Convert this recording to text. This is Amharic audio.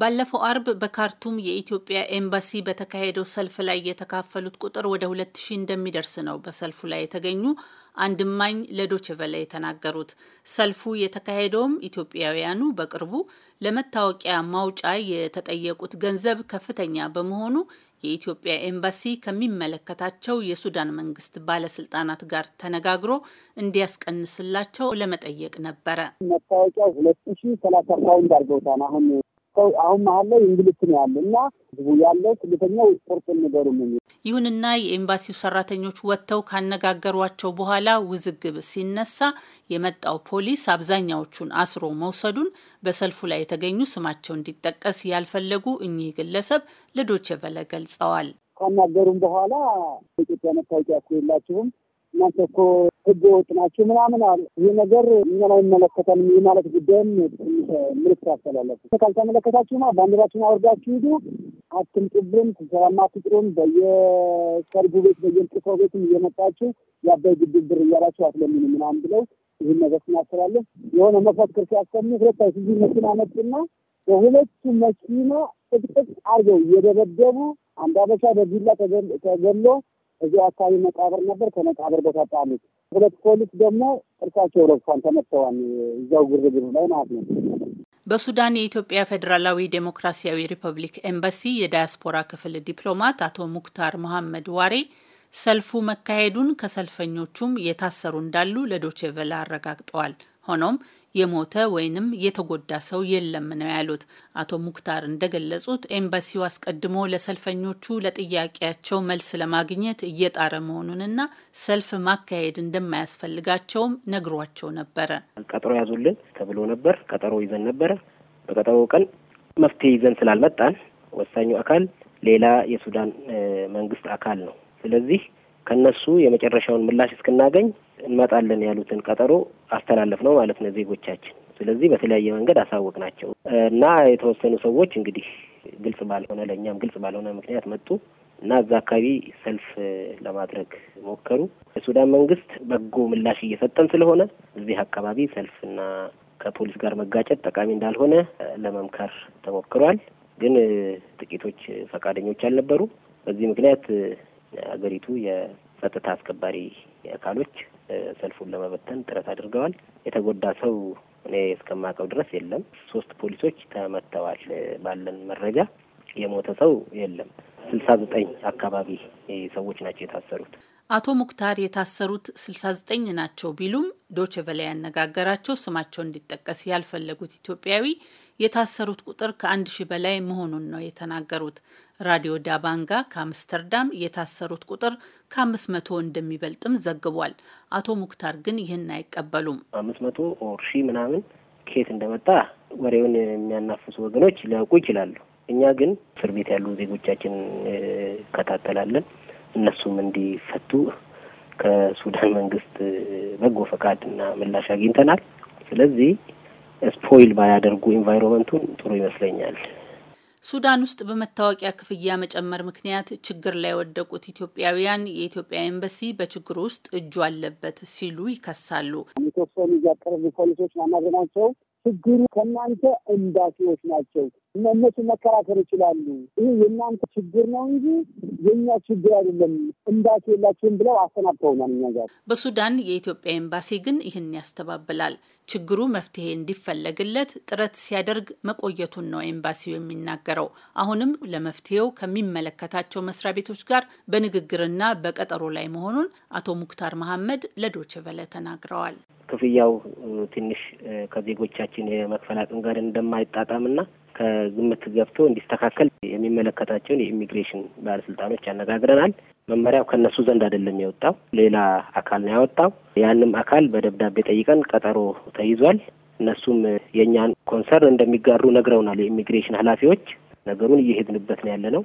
ባለፈው አርብ በካርቱም የኢትዮጵያ ኤምባሲ በተካሄደው ሰልፍ ላይ የተካፈሉት ቁጥር ወደ ሁለት ሺህ እንደሚደርስ ነው በሰልፉ ላይ የተገኙ አንድ እማኝ ለዶችቨለ የተናገሩት። ሰልፉ የተካሄደውም ኢትዮጵያውያኑ በቅርቡ ለመታወቂያ ማውጫ የተጠየቁት ገንዘብ ከፍተኛ በመሆኑ የኢትዮጵያ ኤምባሲ ከሚመለከታቸው የሱዳን መንግስት ባለስልጣናት ጋር ተነጋግሮ እንዲያስቀንስላቸው ለመጠየቅ ነበረ። መታወቂያው ሁለት ሺ ሰላሳ ፓውንድ አድርገውታል አሁን ሰው አሁን መሀል ላይ እንግልት ነው ያለ እና ህዝቡ ያለው ስደተኛው ስፖርት ነገሩ ነው። ይሁንና የኤምባሲው ሰራተኞች ወጥተው ካነጋገሯቸው በኋላ ውዝግብ ሲነሳ የመጣው ፖሊስ አብዛኛዎቹን አስሮ መውሰዱን በሰልፉ ላይ የተገኙ ስማቸው እንዲጠቀስ ያልፈለጉ እኚህ ግለሰብ ለዶይቼ ቬለ ገልጸዋል። ካናገሩም በኋላ ኢትዮጵያ መታወቂያ የላችሁም እናንተ እኮ ህገ ወጥ ናቸው ምናምን አሉ። ይህ ነገር እኛን አይመለከተንም የማለት ጉዳይም ምልክት አስተላለፉ። ካልተመለከታችሁማ ባንዲራችሁን አውርዳችሁ ሂዱ፣ አትምጡብን፣ ስብሰባም አትጥሩም፣ በየሰርጉ ቤት በየእንቅፋው ቤትም እየመጣችሁ የአባይ ግድብ ብር እያላችሁ አትለምኑ ምናምን ብለው ይህን ነገር ስናስተላለፍ የሆነ መፈክር ሲያሰሙ ሁለት አይሱዙ መኪና መጡና በሁለቱ መኪና ጥቅጥቅ አድርገው እየደበደቡ አንድ አበሻ በቢላ ተገሎ እዚሁ አካባቢ መቃብር ነበር። ከመቃብር በታጣሚ ሁለት ፖሊስ ደግሞ ጥርሳቸው ረግፏን ተመተዋል። እዚያው ግርግሩ ላይ ማለት ነው። በሱዳን የኢትዮጵያ ፌዴራላዊ ዴሞክራሲያዊ ሪፐብሊክ ኤምባሲ የዳያስፖራ ክፍል ዲፕሎማት አቶ ሙክታር መሐመድ ዋሬ ሰልፉ መካሄዱን ከሰልፈኞቹም የታሰሩ እንዳሉ ለዶቼ አረጋግጠዋል። ሆኖም የሞተ ወይንም የተጎዳ ሰው የለም ነው ያሉት። አቶ ሙክታር እንደገለጹት ኤምባሲው አስቀድሞ ለሰልፈኞቹ ለጥያቄያቸው መልስ ለማግኘት እየጣረ መሆኑንና ሰልፍ ማካሄድ እንደማያስፈልጋቸውም ነግሯቸው ነበረ። ቀጠሮ ያዙልን ተብሎ ነበር። ቀጠሮ ይዘን ነበረ። በቀጠሮ ቀን መፍትሄ ይዘን ስላልመጣን ወሳኙ አካል ሌላ የሱዳን መንግስት አካል ነው። ስለዚህ ከነሱ የመጨረሻውን ምላሽ እስክናገኝ እንመጣለን ያሉትን ቀጠሮ አስተላለፍ ነው ማለት ነው ዜጎቻችን። ስለዚህ በተለያየ መንገድ አሳወቅ ናቸው እና የተወሰኑ ሰዎች እንግዲህ ግልጽ ባልሆነ ለእኛም ግልጽ ባልሆነ ምክንያት መጡ እና እዛ አካባቢ ሰልፍ ለማድረግ ሞከሩ። የሱዳን መንግስት በጎ ምላሽ እየሰጠን ስለሆነ እዚህ አካባቢ ሰልፍና ከፖሊስ ጋር መጋጨት ጠቃሚ እንዳልሆነ ለመምከር ተሞክሯል። ግን ጥቂቶች ፈቃደኞች አልነበሩ። በዚህ ምክንያት አገሪቱ የጸጥታ አስከባሪ አካሎች ሰልፉን ለመበተን ጥረት አድርገዋል። የተጎዳ ሰው እኔ እስከማውቀው ድረስ የለም። ሶስት ፖሊሶች ተመተዋል። ባለን መረጃ የሞተ ሰው የለም። ስልሳ ዘጠኝ አካባቢ ሰዎች ናቸው የታሰሩት። አቶ ሙክታር የታሰሩት ስልሳ ዘጠኝ ናቸው ቢሉም ዶችቨላ ያነጋገራቸው ስማቸው እንዲጠቀስ ያልፈለጉት ኢትዮጵያዊ የታሰሩት ቁጥር ከአንድ ሺህ በላይ መሆኑን ነው የተናገሩት። ራዲዮ ዳባንጋ ከአምስተርዳም የታሰሩት ቁጥር ከአምስት መቶ እንደሚበልጥም ዘግቧል። አቶ ሙክታር ግን ይህን አይቀበሉም። አምስት መቶ ኦር ምናምን ከየት እንደመጣ ወሬውን የሚያናፍሱ ወገኖች ሊያውቁ ይችላሉ። እኛ ግን እስር ቤት ያሉ ዜጎቻችን ከታተላለን እነሱም እንዲፈቱ ከሱዳን መንግስት በጎ ፈቃድ እና ምላሽ አግኝተናል። ስለዚህ ስፖይል ባያደርጉ ኢንቫይሮመንቱን ጥሩ ይመስለኛል። ሱዳን ውስጥ በመታወቂያ ክፍያ መጨመር ምክንያት ችግር ላይ የወደቁት ኢትዮጵያውያን የኢትዮጵያ ኤምባሲ በችግሩ ውስጥ እጁ አለበት ሲሉ ይከሳሉ። የተወሰኑ እያቀረቡ ፖሊሶች ማናገናቸው ችግሩ ከእናንተ ኤምባሲዎች ናቸው እና እነሱ መከራከር ይችላሉ። ይህ የእናንተ ችግር ነው እንጂ የእኛ ችግር አይደለም፣ እንዳሴ የላችሁም ብለው አሰናብተውናል። እኛ ጋር በሱዳን የኢትዮጵያ ኤምባሲ ግን ይህን ያስተባብላል። ችግሩ መፍትሄ እንዲፈለግለት ጥረት ሲያደርግ መቆየቱን ነው ኤምባሲው የሚናገረው። አሁንም ለመፍትሄው ከሚመለከታቸው መስሪያ ቤቶች ጋር በንግግርና በቀጠሮ ላይ መሆኑን አቶ ሙክታር መሐመድ ለዶችቨለ ተናግረዋል። ክፍያው ትንሽ ከዜጎቻችን የመክፈል አቅም ጋር እንደማይጣጣምና ከግምት ገብቶ እንዲስተካከል የሚመለከታቸውን የኢሚግሬሽን ባለስልጣኖች ያነጋግረናል። መመሪያው ከእነሱ ዘንድ አይደለም የወጣው፣ ሌላ አካል ነው ያወጣው። ያንም አካል በደብዳቤ ጠይቀን ቀጠሮ ተይዟል። እነሱም የእኛን ኮንሰርን እንደሚጋሩ ነግረውናል። የኢሚግሬሽን ኃላፊዎች ነገሩን እየሄድንበት ነው ያለ ነው።